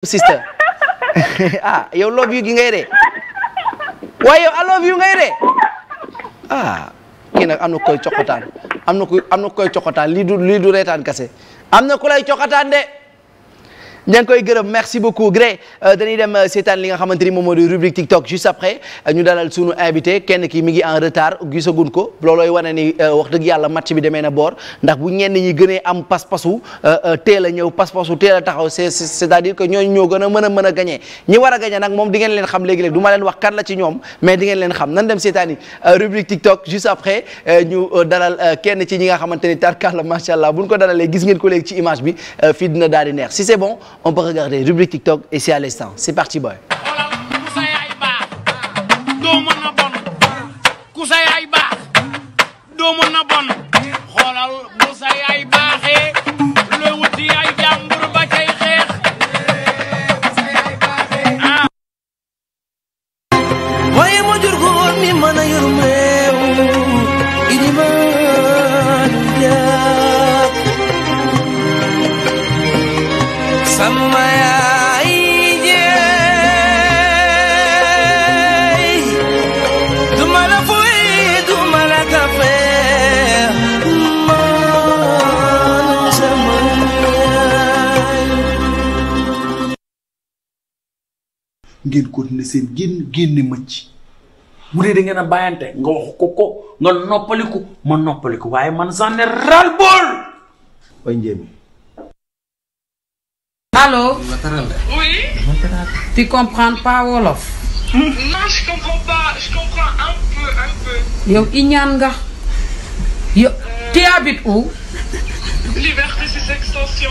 sister ah yow love you gi ngay re waaye yow I love you ngay re ah kii nag am na koy coxataan am na ku am na koy coxataan lii du lii du reetaan kase am na ku lay de ña koy gërëm merci beaucoup Gré euh, dañuy dem euh, seetaan li nga xamante ni moom moo di rubrique TikTok juste après euh, ñu dalal invité kenn mi ngi en retard gisagun ko loolooy wane ni wax dëgg yàlla match bi demee na boor ndax bu ñenn ñi gënee am pas-pasu teel a ñëw pas-pasu teel a taxaw c'est c'est-à-dire que ñooñu a mën mën a gagné ñi a gagné moom di ngeen leen xam léegi-léegi du ma leen wax kan la ci ñoom mais di ngeen leen xam dem seetaani rubrique TikTok juste après kenn ci ñi nga xamante ni tarkalla macha allah buñ ko dalalee gis ngeen ko léegi ci image bi fii dina daal di neex si c'est bon on peut regarder rubrique TikTok et c'est à l'instant. C'est parti boy. ngeen continuer seen génn génne mëcc bu dee da ngeen bàyyante nga wax ko ko nga noppaliku ma noppaliku waaye man j'en ai ras le tu comprends pas wolof. yow iñaan nga. yow euh, tu habites où. Liberté, c'est extension.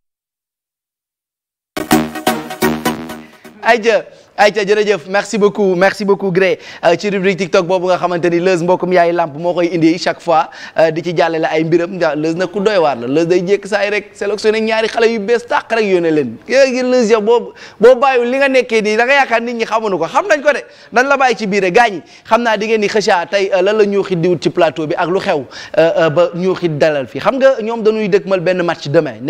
ayca ja jërëjëf merci beaucoup merci beaucoup Gré euh, ci rubrique TikTok boobu nga xamante ni Leuz mbokkum yaay lamp moo koy indi chaque fois euh, di ci jàllale ay mbiram ndax Leuz nag ku doy waar la Leuz day jékk saay rek sélectionné ñaari xale yu bees tàq rek yónnee leen léegi Leuz yow boo boo bàyyiwul li nga nekkee nii da nga yaakaar nit ñi xamuñu ko xam nañ ko de dañ la bàyyi ci biir gaañ xam naa di ngeen ni xëcca tey euh, lan la ñuuxit di wut ci plateau bi ak lu xew ba ñuuxit dalal fii xam nga ñoom dañuy dëkkmal benn match demain